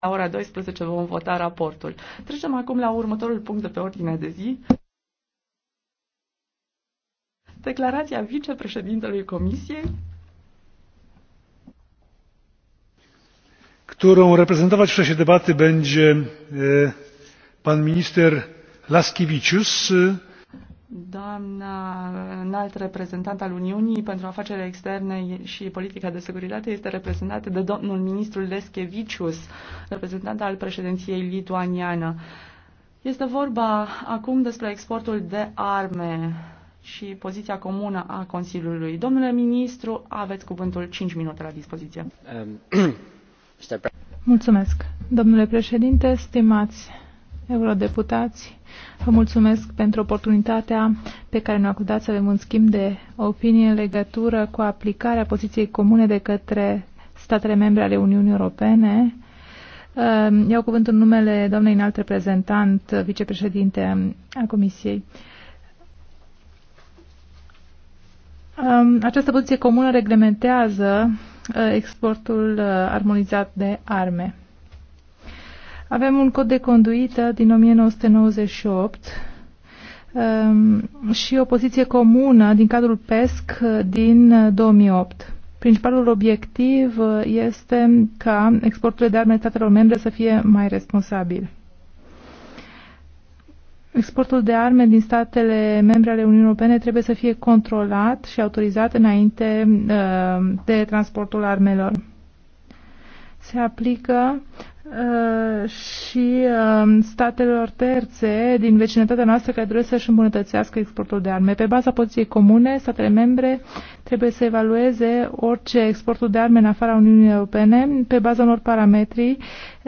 La ora 12 vom vota raportul. Trecem acum la următorul punct de pe ordinea de zi. Declarația vicepreședintelui Comisiei. którą reprezentować w czasie debaty będzie pan minister Laskiewicz Doamna înalt reprezentant al Uniunii pentru afaceri externe și politica de securitate este reprezentată de domnul ministru Leskevicius, reprezentant al președinției lituaniană. Este vorba acum despre exportul de arme și poziția comună a Consiliului. Domnule ministru, aveți cuvântul 5 minute la dispoziție. Um, Mulțumesc. Domnule președinte, stimați eurodeputați, vă mulțumesc pentru oportunitatea pe care ne-a acordat să avem un schimb de opinie în legătură cu aplicarea poziției comune de către statele membre ale Uniunii Europene. Ehm, iau cuvântul în numele doamnei înalt reprezentant, vicepreședinte a Comisiei. Ehm, această poziție comună reglementează eh, exportul eh, armonizat de arme. Avem un cod de conduită din 1998 um, și o poziție comună din cadrul PESC din 2008. Principalul obiectiv este ca exporturile de arme statelor membre să fie mai responsabil. Exportul de arme din statele membre ale Uniunii Europene trebuie să fie controlat și autorizat înainte uh, de transportul armelor. Se aplică Uh, și um, statelor terțe din vecinătatea noastră care doresc să-și îmbunătățească exportul de arme. Pe baza poziției comune, statele membre trebuie să evalueze orice exportul de arme în afara Uniunii Europene pe baza unor parametri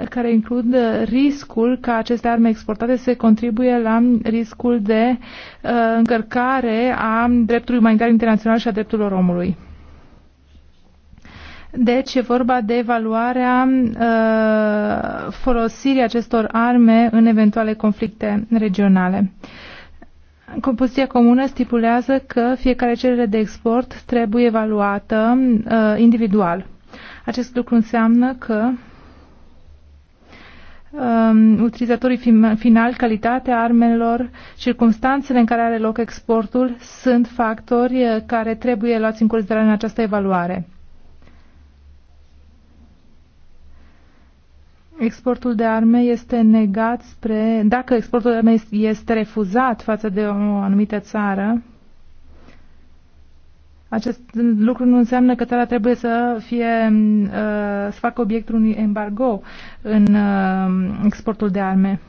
care includ riscul ca aceste arme exportate să contribuie la riscul de uh, încărcare a dreptului umanitar internațional și a drepturilor omului. Deci e vorba de evaluarea uh, folosirii acestor arme în eventuale conflicte regionale. Compoziția comună stipulează că fiecare cerere de export trebuie evaluată uh, individual. Acest lucru înseamnă că uh, utilizatorii finali, calitatea armelor, circumstanțele în care are loc exportul sunt factori uh, care trebuie luați în considerare în această evaluare. exportul de arme este negat spre, dacă exportul de arme este refuzat față de o anumită țară, acest lucru nu înseamnă că țara trebuie să fie uh, să facă obiectul unui embargo în uh, exportul de arme.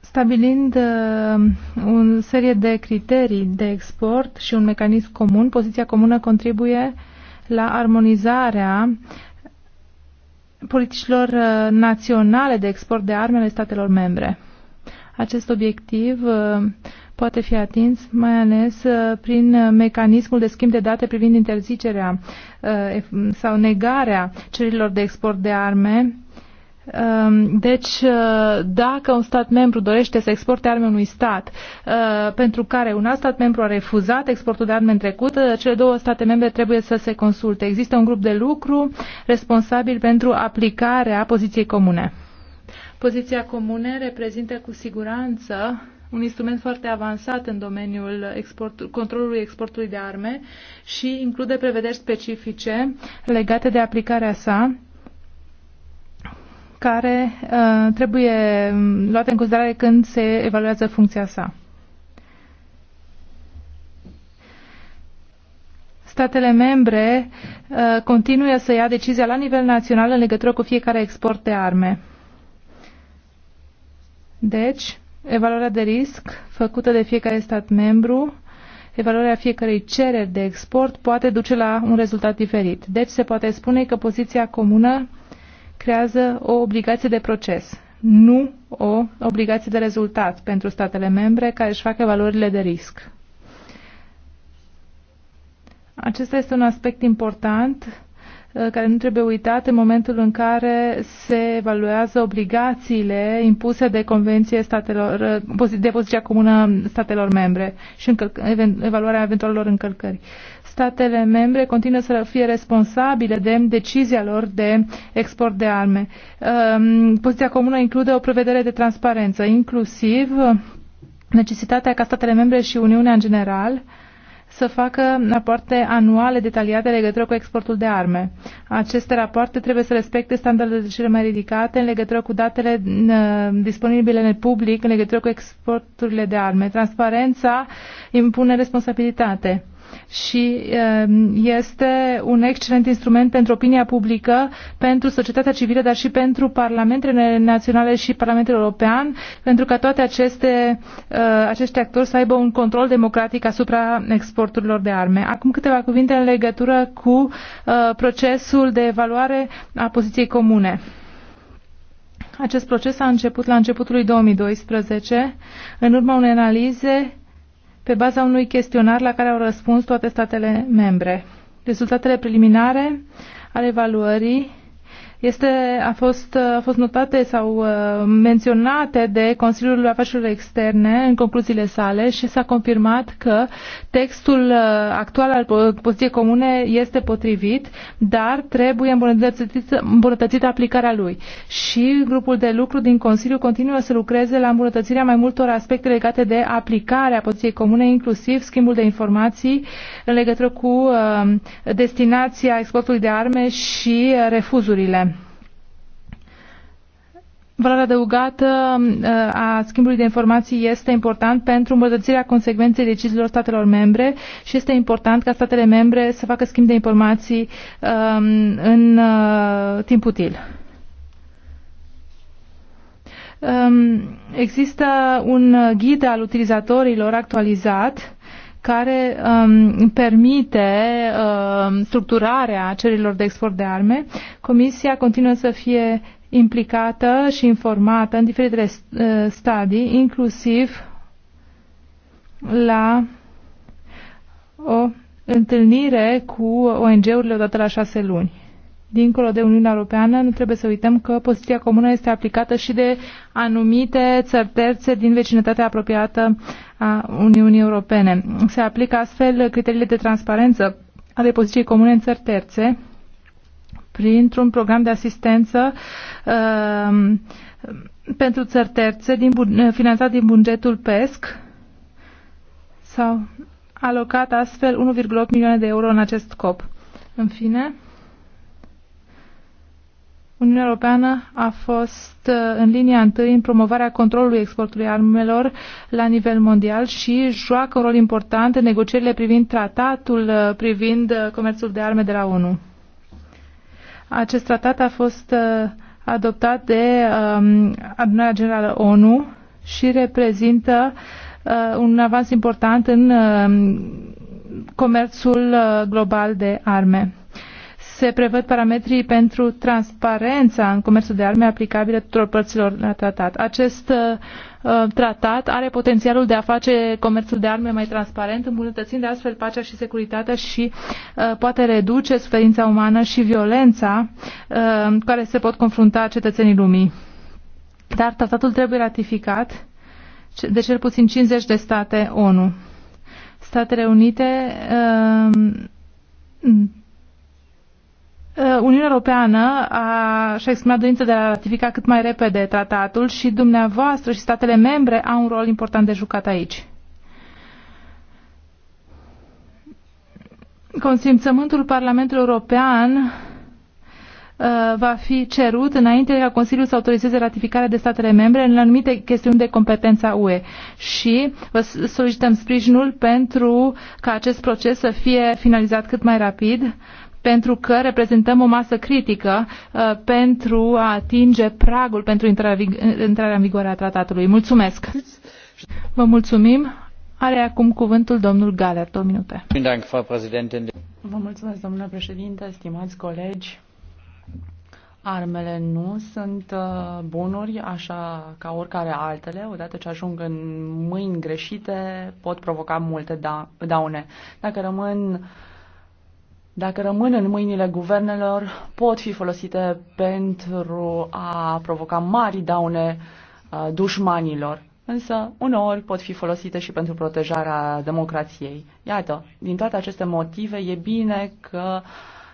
Stabilind uh, o serie de criterii de export și un mecanism comun, poziția comună contribuie uh, la armonizarea politicilor uh, naționale de export de arme ale statelor membre. Acest obiectiv uh, poate fi atins mai ales uh, prin mecanismul de schimb de date privind interzicerea sau negarea cererilor de export de arme Ehm, deci, eh, dacă un stat membru dorește să exporte arme unui stat eh, pentru care un alt stat membru a refuzat exportul de arme în trecut, eh, cele două state membre trebuie să se consulte. Există un grup de lucru responsabil pentru aplicarea poziției comune. Poziția comune reprezintă cu siguranță un instrument foarte avansat în domeniul export, controlului exportului de arme și include prevederi specifice legate de aplicarea sa care uh, trebuie um, luate în considerare când se evaluează funcția sa. Statele membre uh, continuă să ia decizia la nivel național în legătură cu fiecare export de arme. Deci, evaluarea de risc făcută de fiecare stat membru evaluarea fiecărei cereri de export poate duce la un rezultat diferit. Deci se poate spune că poziția comună creează o obligație de proces, nu o obligație de rezultat pentru statele membre care își fac valorile de risc. Acesta este un aspect important uh, care nu trebuie uitat în momentul în care se evaluează obligațiile impuse de Convenție statelor, uh, de poziția comună statelor membre și evaluarea eventualelor încălcări. Uh, Statele membre continuă să fie responsabile de decizia lor de export de arme. Um, poziția comună include o prevedere de transparență, inclusiv necesitatea ca statele membre și Uniunea în general să facă rapoarte anuale detaliate legătură cu exportul de arme. Aceste rapoarte trebuie să respecte standardele cele mai ridicate în legătură cu datele uh, disponibile în public în legătură cu exporturile de arme. Transparența impune responsabilitate și um, este un excelent instrument pentru opinia publică, pentru societatea civilă, dar și pentru parlamentele naționale și Parlamentul European, pentru ca toate aceste, uh, acești actori să aibă un control democratic asupra exporturilor de arme. Acum câteva cuvinte în legătură cu uh, procesul de evaluare a poziției comune. Acest proces a început la începutul lui 2012, în urma unei analize pe baza unui chestionar la care au răspuns toate statele membre. Rezultatele preliminare ale evaluării este, a, fost, a fost notate sau uh, menționate de Consiliul Afacerilor Externe în concluziile sale și s-a confirmat că textul uh, actual al uh, poziției comune este potrivit, dar trebuie îmbunătățită, îmbunătățită aplicarea lui. Și grupul de lucru din Consiliu continuă să lucreze la îmbunătățirea mai multor aspecte legate de aplicarea poziției comune, inclusiv schimbul de informații în legătură cu destinația exportului de arme și refuzurile Valoarea adăugată uh, a schimbului de informații este important pentru îmbunătățirea consecvenței deciziilor statelor membre și este important ca statele membre să facă schimb de informații um, în uh, timp util. Um, există un ghid al utilizatorilor actualizat care um, permite um, structurarea cererilor de export de arme. Comisia continuă să fie implicată și informată în diferitele uh, stadii, inclusiv la o întâlnire cu ONG-urile odată la șase luni dincolo de Uniunea Europeană, nu trebuie să uităm că poziția comună este aplicată și de anumite țări terțe din vecinătatea apropiată a Uniunii Europene. Se aplică astfel criteriile de transparență ale poziției comune în țări terțe printr-un program de asistență uh, pentru țări terțe din, finanțat din bugetul PESC sau alocat astfel 1,8 milioane de euro în acest scop. În fine, Uniunea Europeană a fost uh, în linia întâi în promovarea controlului exportului armelor la nivel mondial și joacă un rol important în negocierile privind tratatul uh, privind uh, comerțul de arme de la ONU. Acest tratat a fost adoptat de um, Adunarea Generală ONU și reprezintă un avans important în um, comerțul global de arme se prevăd parametrii pentru transparența în comerțul de arme aplicabile tuturor părților la tratat. Acest uh, tratat are potențialul de a face comerțul de arme mai transparent, îmbunătățind de astfel pacea și securitatea și uh, poate reduce suferința umană și violența uh, care se pot confrunta cetățenii lumii. Dar tratatul trebuie ratificat de cel puțin 50 de state ONU. Statele Unite uh, Uh, Uniunea Europeană a, și-a exprimat dorința de a ratifica cât mai repede tratatul și dumneavoastră și statele membre au un rol important de jucat aici. Consimțământul Parlamentului European uh, va fi cerut înainte ca Consiliul să autorizeze ratificarea de statele membre în anumite chestiuni de competența UE și vă solicităm sprijinul pentru ca acest proces să fie finalizat cât mai rapid pentru că reprezentăm o masă critică uh, pentru a atinge pragul pentru intrarea în vigoare a tratatului. Mulțumesc! Vă mulțumim! Are acum cuvântul domnul Galer, două minute. Vă mulțumesc, domnule președinte, stimați colegi. Armele nu sunt uh, bunuri, așa ca oricare altele. Odată ce ajung în mâini greșite, pot provoca multe da- daune. Dacă rămân dacă rămân în mâinile guvernelor, pot fi folosite pentru a provoca mari daune uh, dușmanilor. Însă, uneori pot fi folosite și pentru protejarea democrației. Iată, din toate aceste motive, e bine că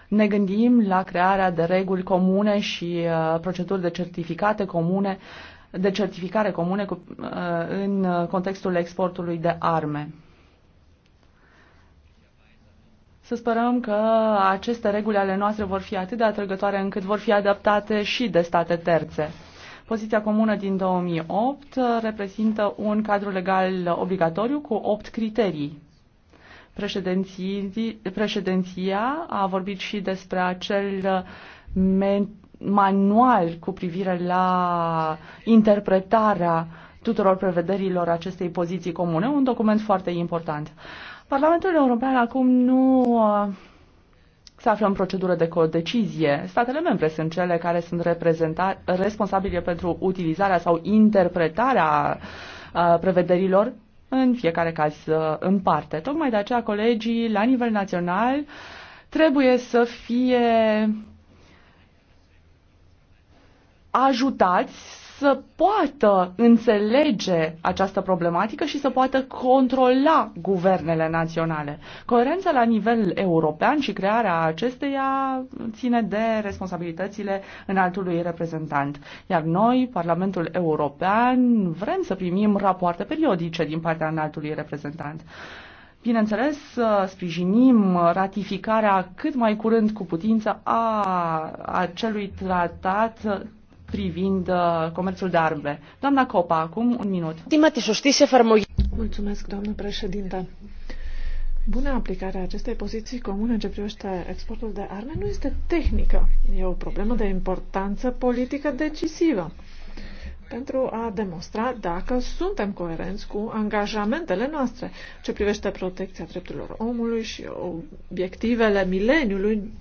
ne gândim la crearea de reguli comune și uh, proceduri de certificate comune, de certificare comune uh, în contextul exportului de arme. Să sperăm că aceste reguli ale noastre vor fi atât de atrăgătoare încât vor fi adaptate și de state terțe. Poziția comună din 2008 reprezintă un cadru legal obligatoriu cu 8 criterii. Președinția a vorbit și despre acel manual cu privire la interpretarea tuturor prevederilor acestei poziții comune, un document foarte important. Parlamentul European acum nu uh, se află în procedură de codecizie. Statele membre sunt cele care sunt responsabile pentru utilizarea sau interpretarea uh, prevederilor în fiecare caz uh, în parte. Tocmai de aceea colegii la nivel național trebuie să fie ajutați să poată înțelege această problematică și să poată controla guvernele naționale. Coerența la nivel european și crearea acesteia ține de responsabilitățile înaltului reprezentant. Iar noi, Parlamentul European, vrem să primim rapoarte periodice din partea înaltului reprezentant. Bineînțeles, sprijinim ratificarea cât mai curând cu putință a acelui tratat privind uh, comerțul de arme. Doamna Copa, acum un minut. Mulțumesc, doamnă președinte. Bună aplicare a acestei poziții comune în ce privește exportul de arme nu este tehnică. E o problemă de importanță politică decisivă pentru a demonstra dacă suntem coerenți cu angajamentele noastre ce privește protecția drepturilor omului și obiectivele mileniului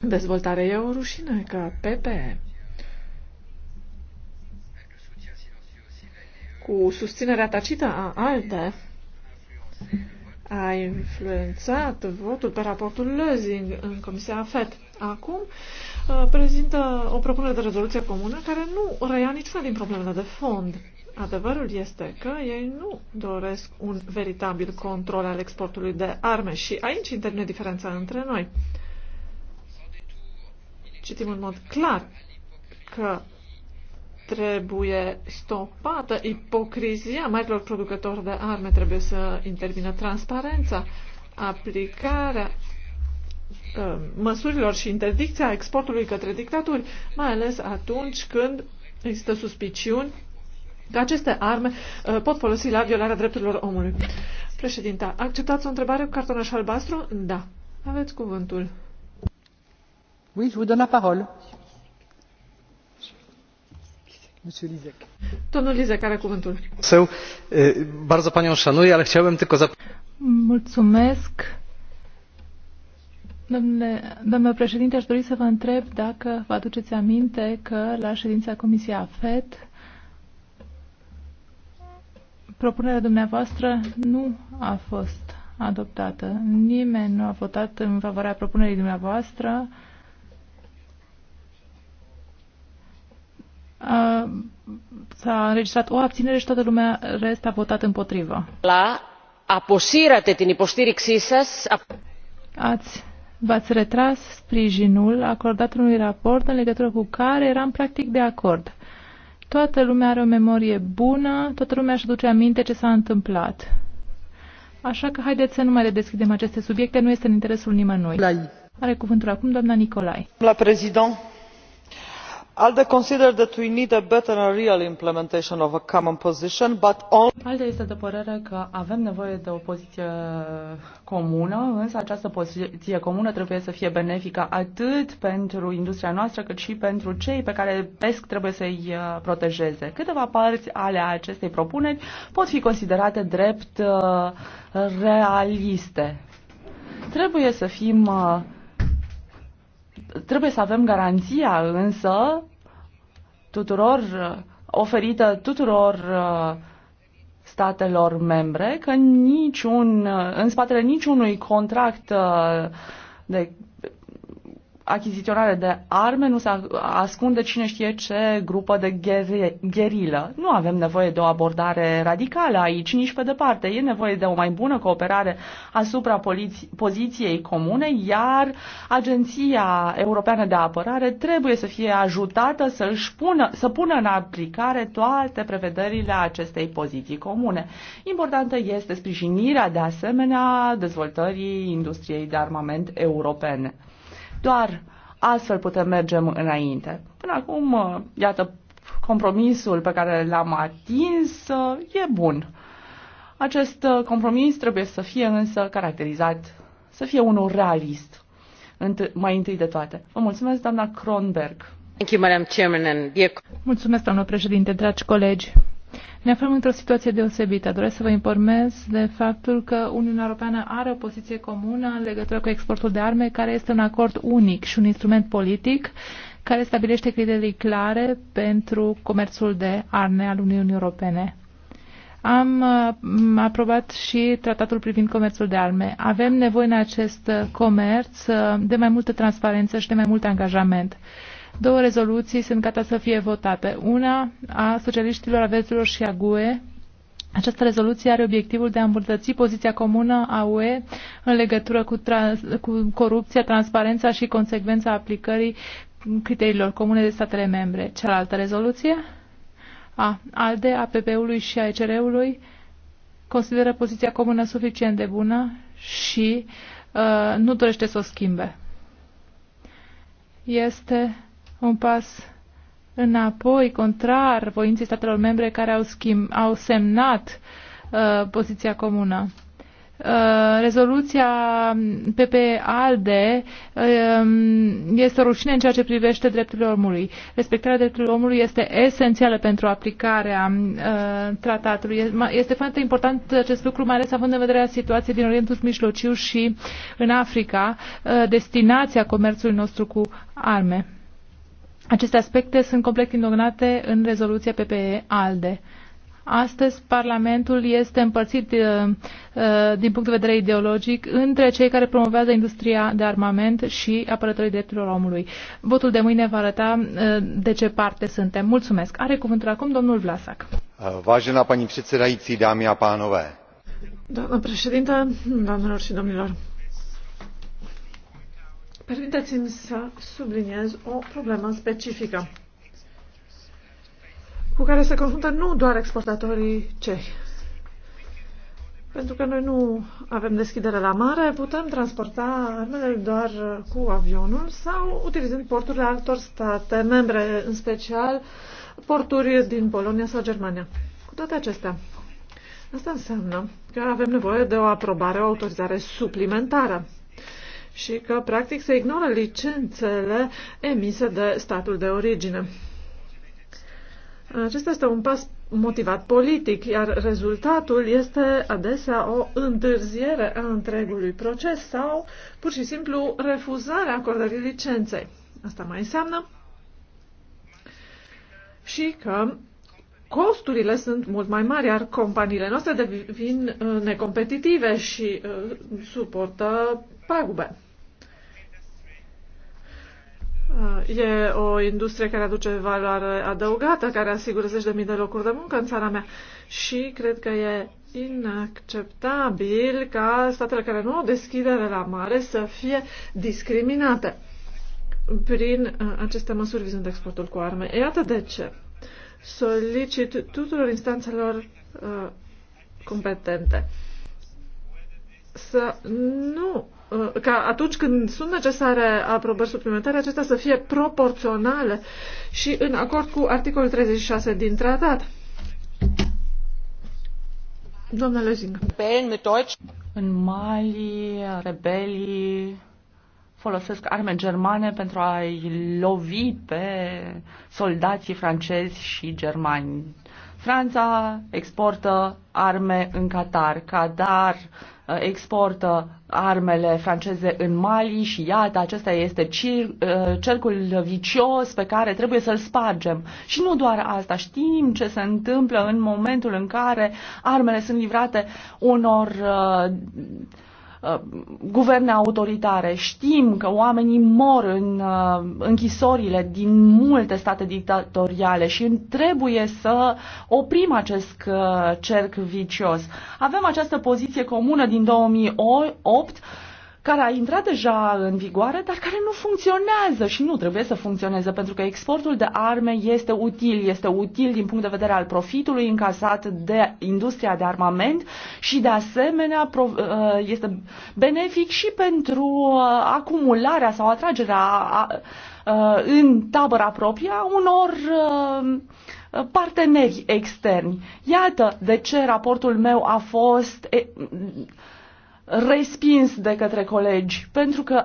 dezvoltare. E o rușine că PPE cu susținerea tacită a ALDE, a influențat votul pe raportul Lözing în Comisia FED. Acum uh, prezintă o propunere de rezoluție comună care nu reia niciuna din problemele de fond. Adevărul este că ei nu doresc un veritabil control al exportului de arme și aici intervine diferența între noi. Citim în mod clar că Trebuie stopată ipocrizia marilor producători de arme, trebuie să intervină transparența, aplicarea um, măsurilor și interdicția exportului către dictaturi, mai ales atunci când există suspiciuni că aceste arme uh, pot folosi la violarea drepturilor omului. Președinta, acceptați o întrebare cu cartonaș albastru? Da. Aveți cuvântul. Oui, je vous donne la parole bardzo panią szanuję, ale chciałbym tylko zap... Domnule, domnule președinte, aș dori să vă întreb dacă vă aduceți aminte că la ședința Comisiei AFET propunerea dumneavoastră nu a fost adoptată. Nimeni nu a votat în favoarea propunerii dumneavoastră. S-a înregistrat o abținere și toată lumea rest a votat împotrivă. La aposirate, την Ați v-ați retras sprijinul acordat unui raport în legătură cu care eram practic de acord. Toată lumea are o memorie bună, toată lumea își aduce aminte ce s-a întâmplat. Așa că haideți să nu mai deschidem aceste subiecte, nu este în interesul nimănui. Are cuvântul acum doamna Nicolai. La prezident alde consider that we need a better and real implementation of a common position but only. alde este de părere că avem nevoie de o poziție comună însă această poziție comună trebuie să fie benefică atât pentru industria noastră cât și pentru cei pe care pesc trebuie să i uh, protejeze. câteva părți ale acestei propuneri pot fi considerate drept uh, realiste. trebuie să fim uh, Trebuie să avem garanția însă tuturor oferită tuturor uh, statelor membre că niciun, uh, în spatele niciunui contract uh, de achiziționare de arme nu se ascunde cine știe ce grupă de gherilă. Nu avem nevoie de o abordare radicală aici, nici pe departe. E nevoie de o mai bună cooperare asupra poziției comune, iar Agenția Europeană de Apărare trebuie să fie ajutată să, pună, să pună în aplicare toate prevederile acestei poziții comune. Importantă este sprijinirea, de asemenea, dezvoltării industriei de armament europene. Doar astfel putem merge înainte. Până acum, uh, iată, compromisul pe care l-am atins uh, e bun. Acest uh, compromis trebuie să fie însă caracterizat, să fie unul realist, mai întâi de toate. Vă mulțumesc, doamna Kronberg. Mulțumesc, doamnă președinte, dragi colegi. Ne aflăm într-o situație deosebită. Doresc să vă informez de faptul că Uniunea Europeană are o poziție comună în legătură cu exportul de arme, care este un acord unic și un instrument politic care stabilește criterii clare pentru comerțul de arme al Uniunii Europene. Am uh, aprobat și tratatul privind comerțul de arme. Avem nevoie în acest comerț uh, de mai multă transparență și de mai mult angajament. Două rezoluții sunt gata să fie votate. Una a socialiștilor, a și a GUE. Această rezoluție are obiectivul de a îmbunătăți poziția comună a UE în legătură cu, trans, cu corupția, transparența și consecvența aplicării criteriilor comune de statele membre. Cealaltă rezoluție? A. ALDE, pp ului și a ECR-ului consideră poziția comună suficient de bună și uh, nu dorește să o schimbe. Este un pas înapoi, contrar voinții statelor membre care au, schim, au semnat uh, poziția comună. Uh, rezoluția PP ALDE uh, este o rușine în ceea ce privește drepturile omului. Respectarea drepturilor omului este esențială pentru aplicarea uh, tratatului. Este foarte important acest lucru, mai ales având în vedere situația din Orientul Mijlociu și în Africa, uh, destinația comerțului nostru cu arme. Aceste aspecte sunt complet ignorate în rezoluția PPE-ALDE. Astăzi, Parlamentul este împărțit uh, uh, din punct de vedere ideologic între cei care promovează industria de armament și apărătorii drepturilor omului. Votul de mâine va arăta uh, de ce parte suntem. Mulțumesc. Are cuvântul acum domnul Vlasac. Vážená paní předsedající, dámy a pánové. Doamnă președintă, doamnelor și domnilor. Permiteți-mi să subliniez o problemă specifică cu care se confruntă nu doar exportatorii cehi. Pentru că noi nu avem deschidere la mare, putem transporta armele doar cu avionul sau utilizând porturile altor state membre, în special porturi din Polonia sau Germania. Cu toate acestea, asta înseamnă că avem nevoie de o aprobare, o autorizare suplimentară și că, practic, se ignoră licențele emise de statul de origine. Acesta este un pas motivat politic, iar rezultatul este adesea o întârziere a întregului proces sau pur și simplu refuzarea acordării licenței. Asta mai înseamnă și că costurile sunt mult mai mari, iar companiile noastre devin uh, necompetitive și uh, suportă pagube. Uh, e o industrie care aduce valoare adăugată, care asigură zeci de mii de locuri de muncă în țara mea și cred că e inacceptabil ca statele care nu au deschidere la mare să fie discriminate prin uh, aceste măsuri vizând exportul cu arme. Iată de ce solicit tuturor instanțelor uh, competente să nu Uh, ca atunci când sunt necesare aprobări suplimentare, acestea să fie proporționale și în acord cu articolul 36 din tratat. Domnule Zing. În Mali, rebelii folosesc arme germane pentru a-i lovi pe soldații francezi și germani. Franța exportă arme în Qatar. Qatar Uh, exportă armele franceze în Mali și iată, acesta este cir, uh, cercul vicios pe care trebuie să-l spargem. Și nu doar asta, știm ce se întâmplă în momentul în care armele sunt livrate unor uh, Uh, guverne autoritare. Știm că oamenii mor în uh, închisorile din multe state dictatoriale și trebuie să oprim acest uh, cerc vicios. Avem această poziție comună din 2008 care a intrat deja în vigoare, dar care nu funcționează și nu trebuie să funcționeze, pentru că exportul de arme este util, este util din punct de vedere al profitului încasat de industria de armament și, de asemenea, uh, este benefic și pentru uh, acumularea sau atragerea uh, în tabăra proprie unor parteneri externi. Iată de ce raportul meu a fost respins de către colegi, pentru că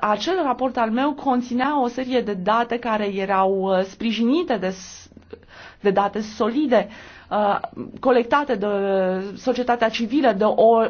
acel raport al meu conținea o serie de date care erau uh, sprijinite de, de date solide uh, colectate de societatea civilă, de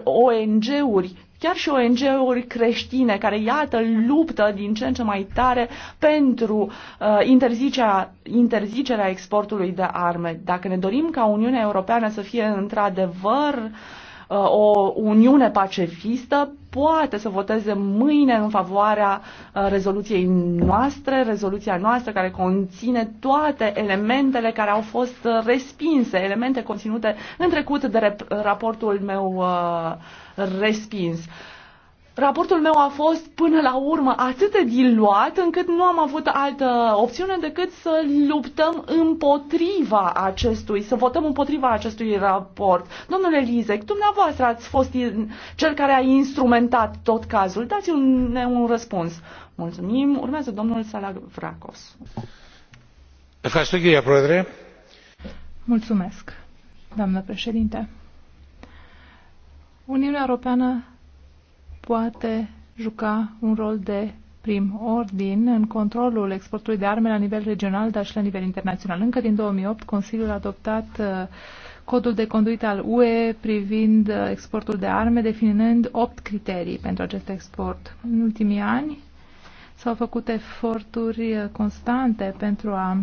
ONG-uri, chiar și ONG-uri creștine, care, iată, luptă din ce în ce mai tare pentru uh, interzicerea, interzicerea exportului de arme. Dacă ne dorim ca Uniunea Europeană să fie într-adevăr uh, o uniune pacifistă poate să voteze mâine în favoarea uh, rezoluției noastre, rezoluția noastră care conține toate elementele care au fost uh, respinse, elemente conținute în trecut de raportul meu uh, respins. Raportul meu a fost până la urmă atât de diluat încât nu am avut altă opțiune decât să luptăm împotriva acestui, să votăm împotriva acestui raport. Domnule Lizec, dumneavoastră ați fost cel care a instrumentat tot cazul. Dați-ne un răspuns. Mulțumim. Urmează domnul Vracos. Mulțumesc, doamnă președinte. Uniunea Europeană poate juca un rol de prim ordin în controlul exportului de arme la nivel regional, dar și la nivel internațional. Încă din 2008, Consiliul a adoptat uh, codul de conduită al UE privind uh, exportul de arme, definind opt criterii pentru acest export. În ultimii ani s-au făcut eforturi uh, constante pentru a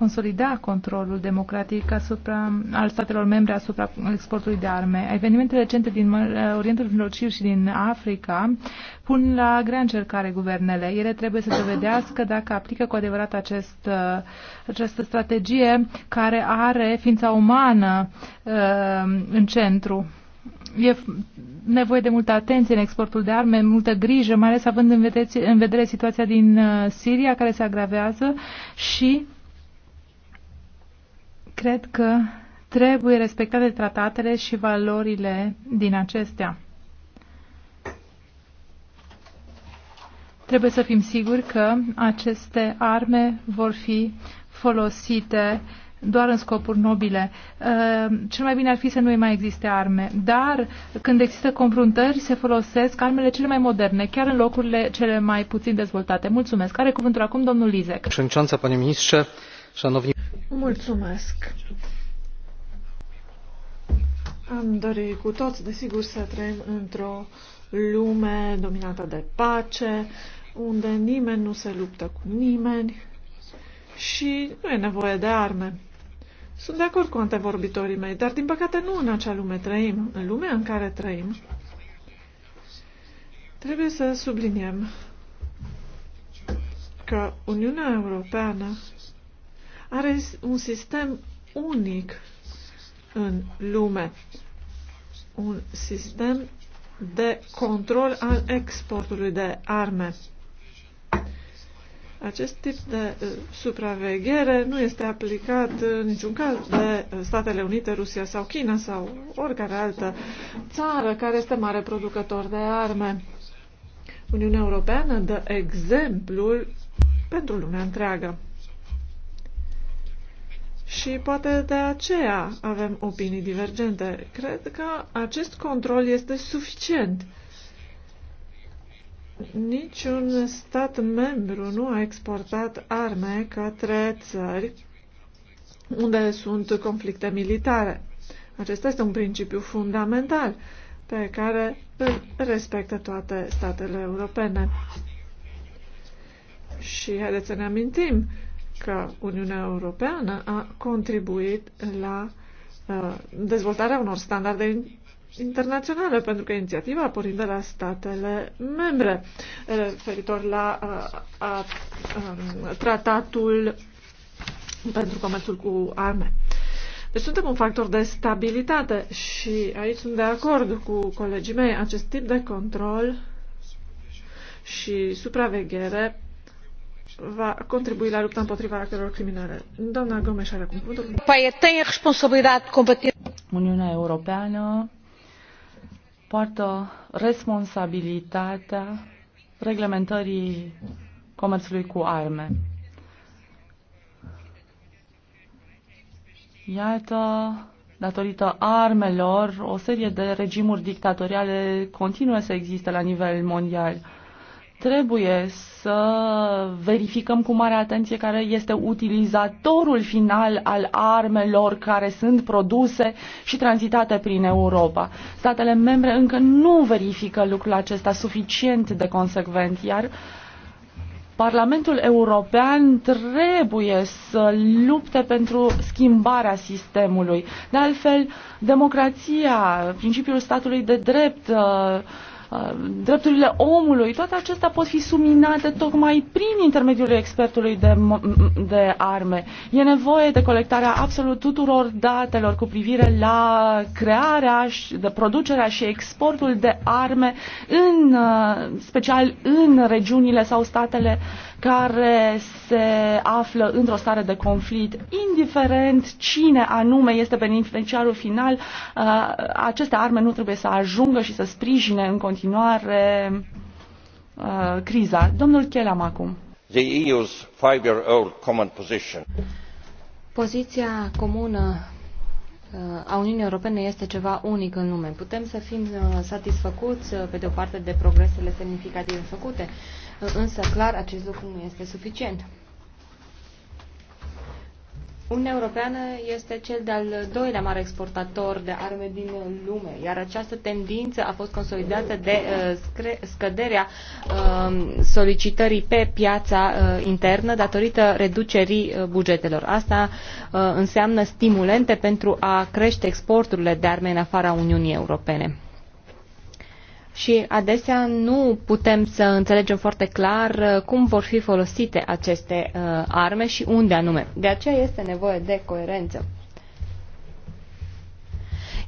consolida controlul democratic asupra, al statelor membre asupra exportului de arme. Evenimentele recente din Orientul Mijlociu și din Africa pun la grea încercare guvernele. Ele trebuie să dovedească dacă aplică cu adevărat acest, uh, această strategie care are ființa umană uh, în centru e nevoie de multă atenție în exportul de arme, multă grijă, mai ales având în vedere, în vedere situația din uh, Siria care se agravează și Cred că trebuie respectate tratatele și valorile din acestea. Trebuie să fim siguri că aceste arme vor fi folosite doar în scopuri nobile. Uh, cel mai bine ar fi să nu mai existe arme, dar când există confruntări se folosesc armele cele mai moderne, chiar în locurile cele mai puțin dezvoltate. Mulțumesc. Are cuvântul acum domnul Lizec. Przewodnicząca, panie ministrze, szanowni Mulțumesc. Am dorit cu toți, desigur, să trăim într-o lume dominată de pace, unde nimeni nu se luptă cu nimeni și nu e nevoie de arme. Sunt de acord cu antevorbitorii mei, dar din păcate nu în acea lume trăim. În lumea în care trăim, trebuie să subliniem că Uniunea Europeană are un sistem unic în lume, un sistem de control al exportului de arme. Acest tip de uh, supraveghere nu este aplicat în niciun caz de uh, Statele Unite, Rusia sau China sau oricare altă țară care este mare producător de arme. Uniunea Europeană dă exemplul pentru lumea întreagă. Și poate de aceea avem opinii divergente. Cred că acest control este suficient. Niciun stat membru nu a exportat arme către țări unde sunt conflicte militare. Acesta este un principiu fundamental pe care îl respectă toate statele europene. Și haideți să ne amintim, că Uniunea Europeană a contribuit la uh, dezvoltarea unor standarde internaționale, pentru că inițiativa a pornit de la statele membre, uh, referitor la uh, a, a, um, a, tratatul pentru comerțul cu arme. Deci suntem un factor de stabilitate și aici sunt de acord cu colegii mei. Acest tip de control și supraveghere va contribui la lupta împotriva actelor criminale. Doamna Gomes are cuvântul. Păi, Uniunea Europeană poartă responsabilitatea reglementării comerțului cu arme. Iată, datorită armelor, o serie de regimuri dictatoriale continuă să existe la nivel mondial trebuie să verificăm cu mare atenție care este utilizatorul final al armelor care sunt produse și tranzitate prin Europa. Statele membre încă nu verifică lucrul acesta suficient de consecvent, iar Parlamentul European trebuie să lupte pentru schimbarea sistemului. De altfel, democrația, principiul statului de drept, uh, Eh, drepturile omului, toate acestea pot fi suminate tocmai prin intermediul expertului de, de arme. E nevoie de colectarea absolut tuturor datelor cu privire la crearea, de producerea și exportul de arme, în eh, special în regiunile sau statele uh, care se află într-o stare de conflict, indiferent cine anume este beneficiarul final, uh, aceste arme nu trebuie să ajungă și să sprijine în continuare uh, criza. Domnul Chelam acum. The EU's five-year-old common position. Poziția comună a Uniunii Europene este ceva unic în lume. Putem să fim uh, satisfăcuți, uh, pe de o parte, de progresele semnificative făcute, uh, însă, clar, acest lucru nu este suficient. Uniunea Europeană este cel de-al doilea mare exportator de arme din lume, iar această tendință a fost consolidată de uh, scăderea uh, solicitării pe piața uh, internă datorită reducerii uh, bugetelor. Asta uh, înseamnă stimulente pentru a crește exporturile de arme în afara Uniunii Europene și adesea nu putem să înțelegem foarte clar uh, cum vor fi folosite aceste uh, arme și unde anume. De aceea este nevoie de coerență.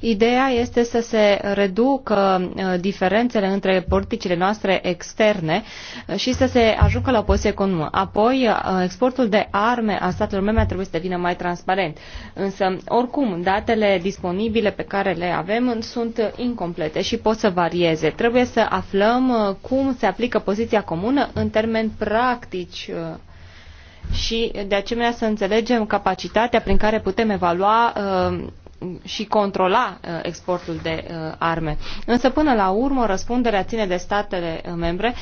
Ideea este să se reducă uh, diferențele între politicile noastre externe uh, și să se ajungă la o poziție comună. Apoi, uh, exportul de arme a statelor membre trebuie să devină mai transparent. Însă, oricum, datele disponibile pe care le avem sunt incomplete și pot să varieze. Trebuie să aflăm cum se aplică poziția comună în termeni practici și, de asemenea, să înțelegem capacitatea prin care putem evalua și controla uh, exportul de uh, arme. Însă, până la urmă, răspunderea ține de statele uh, membre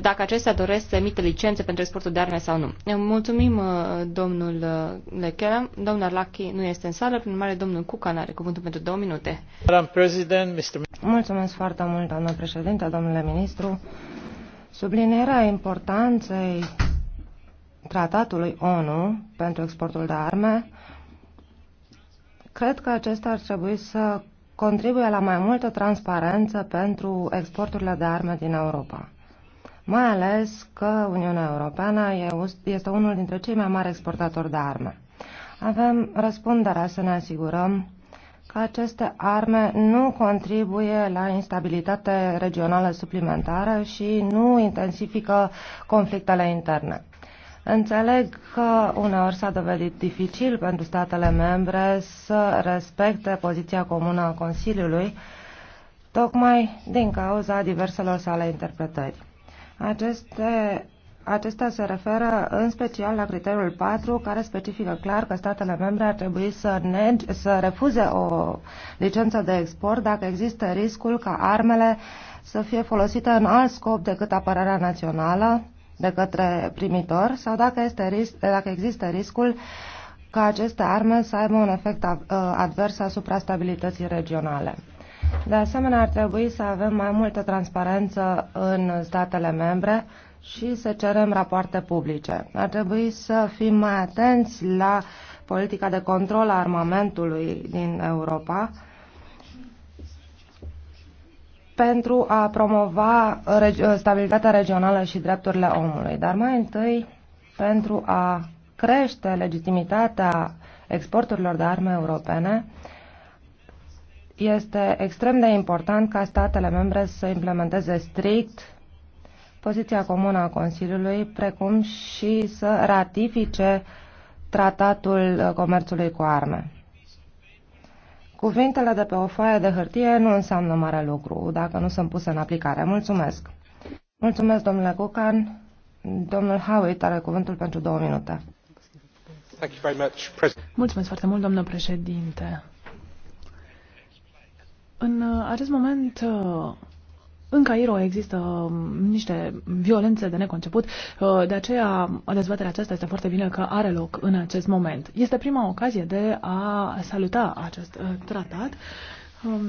dacă acestea doresc să emită licențe pentru exportul de arme sau nu. Mulțumim, domnul Lechera. Domnul Arlachi nu este în sală, prin urmare, domnul Cucan are cuvântul pentru două minute. Mulțumesc foarte mult, doamnă președinte, domnule ministru. Sublinierea importanței tratatului ONU pentru exportul de arme Cred că acesta ar trebui să contribuie la mai multă transparență pentru exporturile de arme din Europa. Mai ales că Uniunea Europeană este unul dintre cei mai mari exportatori de arme. Avem răspunderea să ne asigurăm că aceste arme nu contribuie la instabilitate regională suplimentară și nu intensifică conflictele interne. Înțeleg că uneori s-a dovedit dificil pentru statele membre să respecte poziția comună a Consiliului, tocmai din cauza diverselor sale interpretări. Aceste, acestea se referă în special la criteriul 4, care specifică clar că statele membre ar trebui să, nege, să refuze o licență de export dacă există riscul ca armele să fie folosite în alt scop decât apărarea națională, de către primitor sau dacă, este ris- dacă există riscul ca aceste arme să aibă un efect advers asupra stabilității regionale. De asemenea, ar trebui să avem mai multă transparență în statele membre și să cerem rapoarte publice. Ar trebui să fim mai atenți la politica de control a armamentului din Europa pentru a promova stabilitatea regională și drepturile omului, dar mai întâi pentru a crește legitimitatea exporturilor de arme europene, este extrem de important ca statele membre să implementeze strict poziția comună a Consiliului, precum și să ratifice tratatul comerțului cu arme. Cuvintele de pe o foaie de hârtie nu înseamnă mare lucru dacă nu sunt puse în aplicare. Mulțumesc! Mulțumesc, domnule Cucan. Domnul Howitt are cuvântul pentru două minute. Mulțumesc foarte mult, domnule președinte. În uh, acest moment uh, în Cairo există um, niște violențe de neconceput, uh, de aceea dezbaterea aceasta este foarte bine că are loc în acest moment. Este prima ocazie de a saluta acest uh, tratat um,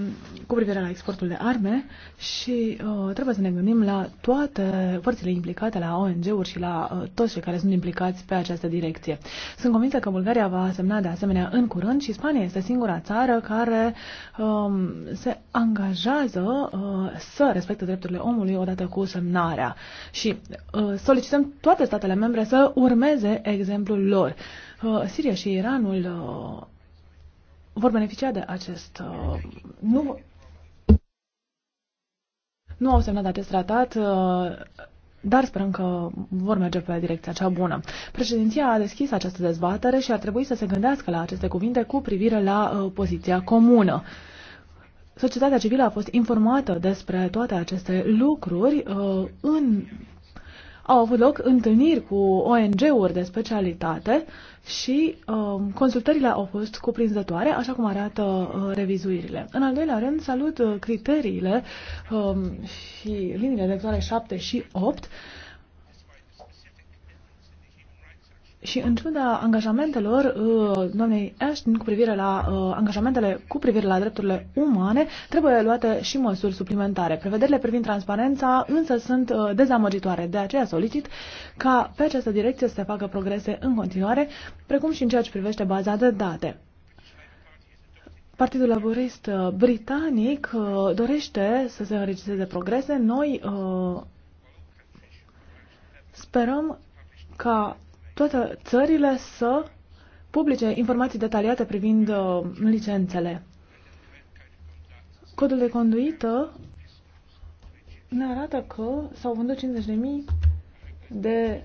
cu privire la exportul de arme și uh, trebuie să ne gândim la toate părțile implicate, la ONG-uri și la uh, toți cei care sunt implicați pe această direcție. Sunt convinsă că Bulgaria va semna de asemenea în curând și Spania este singura țară care um, se angajează uh, să respecte drepturile omului odată cu semnarea și uh, solicităm toate statele membre să urmeze exemplul lor. Uh, Siria și Iranul uh, vor beneficia de acest... Uh, nu, nu au semnat acest tratat, uh, dar sperăm că vor merge pe direcția cea bună. Președinția a deschis această dezbatere și ar trebui să se gândească la aceste cuvinte cu privire la uh, poziția comună. Societatea civilă a fost informată despre toate aceste lucruri în au avut loc întâlniri cu ONG-uri de specialitate și uh, consultările au fost cuprinzătoare, așa cum arată uh, revizuirile. În al doilea rând, salut uh, criteriile uh, și liniile electorale 7 și 8 Și în ciuda angajamentelor uh, doamnei Ashton cu privire la uh, angajamentele cu privire la drepturile umane, trebuie luate și măsuri suplimentare. Prevederile privind transparența însă sunt uh, dezamăgitoare. De aceea solicit ca pe această direcție să se facă progrese în continuare, precum și în ceea ce privește baza de date. Partidul Laborist Britanic dorește să se înregistreze progrese. Noi sperăm ca toate țările să publice informații detaliate privind uh, licențele. Codul de conduită ne arată că s-au vândut 50.000 de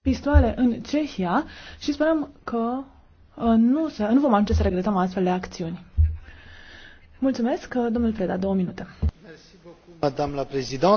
pistoale în Cehia și sperăm că uh, nu, se, nu vom ajunge să regretăm astfel de acțiuni. Mulțumesc, uh, domnul Preda, două minute. Mulțumesc, doamna președinte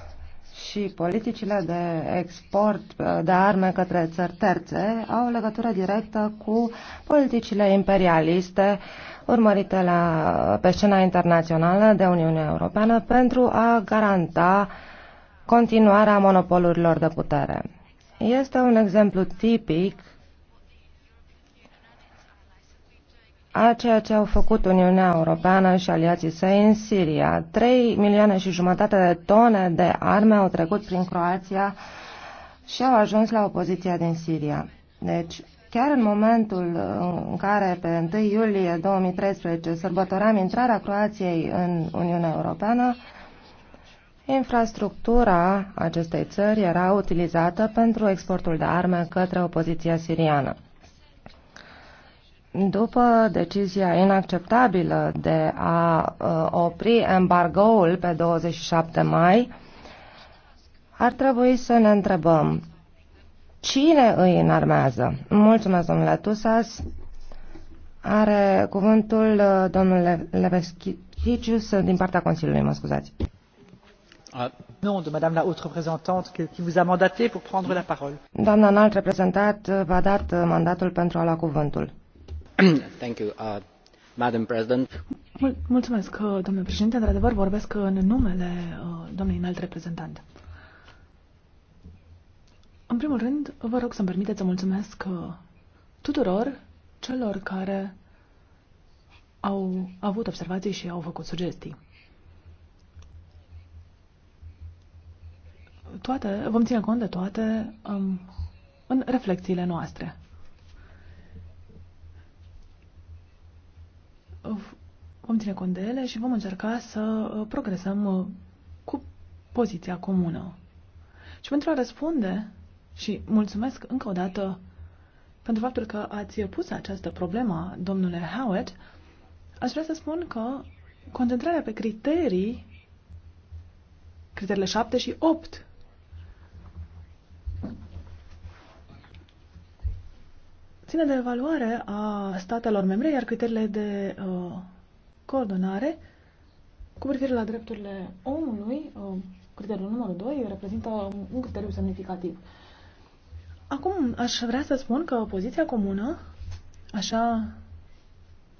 și politicile de export uh, de arme către țări terțe au legătură directă cu politicile imperialiste urmărite la, pe scena internațională de Uniunea Europeană pentru a garanta continuarea monopolurilor de putere. Este un exemplu tipic a ceea ce au făcut Uniunea Europeană și aliații săi în Siria. 3 milioane și jumătate de tone de arme au trecut prin Croația și au ajuns la opoziția din Siria. Deci, chiar în momentul în care pe 1 iulie 2013 sărbătoream intrarea Croației în Uniunea Europeană, infrastructura acestei țări era utilizată pentru exportul de arme către opoziția siriană. După decizia inacceptabilă de a uh, opri embargoul pe 27 mai, ar trebui să ne întrebăm cine îi înarmează. Mulțumesc, domnule Tusas. Are cuvântul uh, domnul Leveschicius din partea Consiliului, mă scuzați. Ah, madame la a la Doamna înalt reprezentat v-a dat uh, mandatul pentru a lua cuvântul. Uh, mulțumesc, uh, domnule președinte. Într-adevăr, vorbesc în numele uh, doamnei înalt reprezentant. În primul rând, vă rog să-mi permiteți să mulțumesc tuturor celor care au avut observații și au făcut sugestii. Toate, vom ține cont de toate um, în reflexiile noastre. vom ține cont de ele și vom încerca să uh, progresăm uh, cu poziția comună. Și pentru a răspunde, și mulțumesc încă o dată pentru faptul că ați pus această problemă, domnule Howard, aș vrea să spun că concentrarea pe criterii, criteriile 7 și 8, ține de evaluare a statelor membre, iar criteriile de uh, coordonare cu privire la drepturile omului, uh, criteriul numărul 2, reprezintă un criteriu semnificativ. Acum aș vrea să spun că poziția comună, așa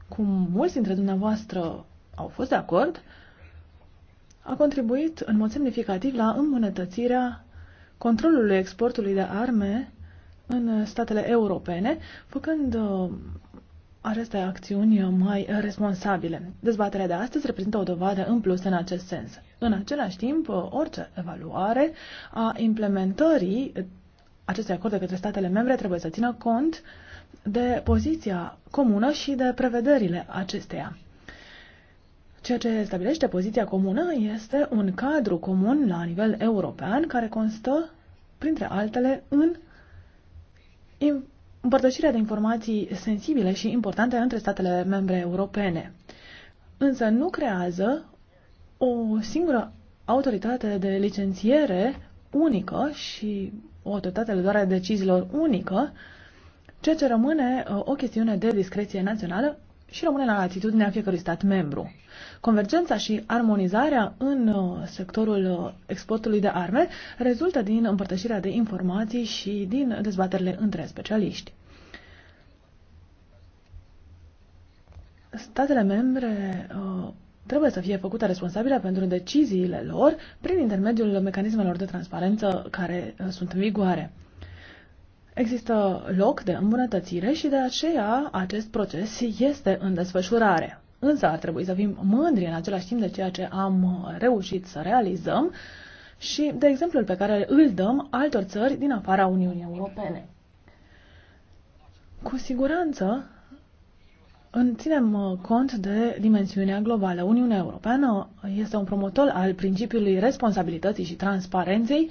cum mulți dintre dumneavoastră au fost de acord, a contribuit în mod semnificativ la îmbunătățirea controlului exportului de arme în statele europene, făcând uh, aceste acțiuni mai responsabile. Dezbaterea de astăzi reprezintă o dovadă în plus în acest sens. În același timp, orice evaluare a implementării acestui acord de către statele membre trebuie să țină cont de poziția comună și de prevederile acesteia. Ceea ce stabilește poziția comună este un cadru comun la nivel european care constă, printre altele, în împărtășirea de informații sensibile și importante între statele membre europene. Însă nu creează o singură autoritate de licențiere unică și o autoritate de luare deciziilor unică, ceea ce rămâne uh, o chestiune de discreție națională și rămâne la atitudinea fiecărui stat membru. Convergența și armonizarea în uh, sectorul uh, exportului de arme rezultă din împărtășirea de informații și din dezbaterile între specialiști. Statele membre uh, trebuie să fie făcute responsabile pentru deciziile lor prin intermediul mecanismelor de transparență care sunt în vigoare. Există loc de îmbunătățire și de aceea acest proces este în desfășurare. Însă ar trebui să fim mândri în același timp de ceea ce am reușit să realizăm și de exemplul pe care îl dăm altor țări din afara Uniunii Europene. Cu siguranță în ținem cont de dimensiunea globală. Uniunea Europeană este un promotor al principiului responsabilității și transparenței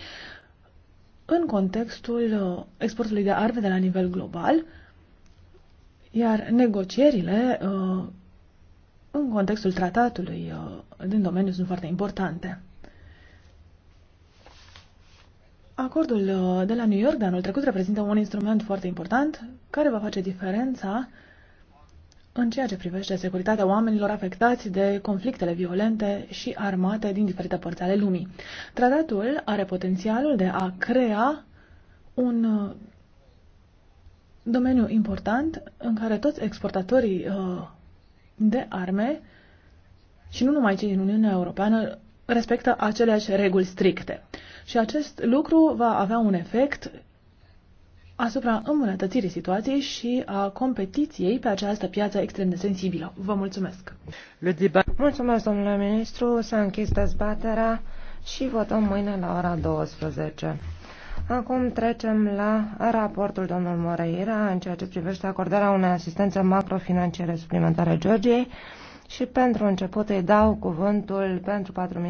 în contextul uh, exportului de arme de la nivel global, iar negocierile uh, în contextul tratatului uh, din domeniu sunt foarte importante. Acordul de la New York de anul trecut reprezintă un instrument foarte important care va face diferența în ceea ce privește securitatea oamenilor afectați de conflictele violente și armate din diferite părți ale lumii. Tratatul are potențialul de a crea un uh, domeniu important în care toți exportatorii uh, de arme și nu numai cei din Uniunea Europeană respectă aceleași reguli stricte. Și acest lucru va avea un efect asupra îmbunătățirii situației și a competiției pe această piață extrem de sensibilă. Vă mulțumesc! Mulțumesc, domnule ministru, s-a închis dezbaterea și votăm mâine la ora 12. Acum trecem la raportul domnul Moreira în ceea ce privește acordarea unei asistențe macrofinanciare suplimentare Georgiei și pentru început îi dau cuvântul pentru 4 minute.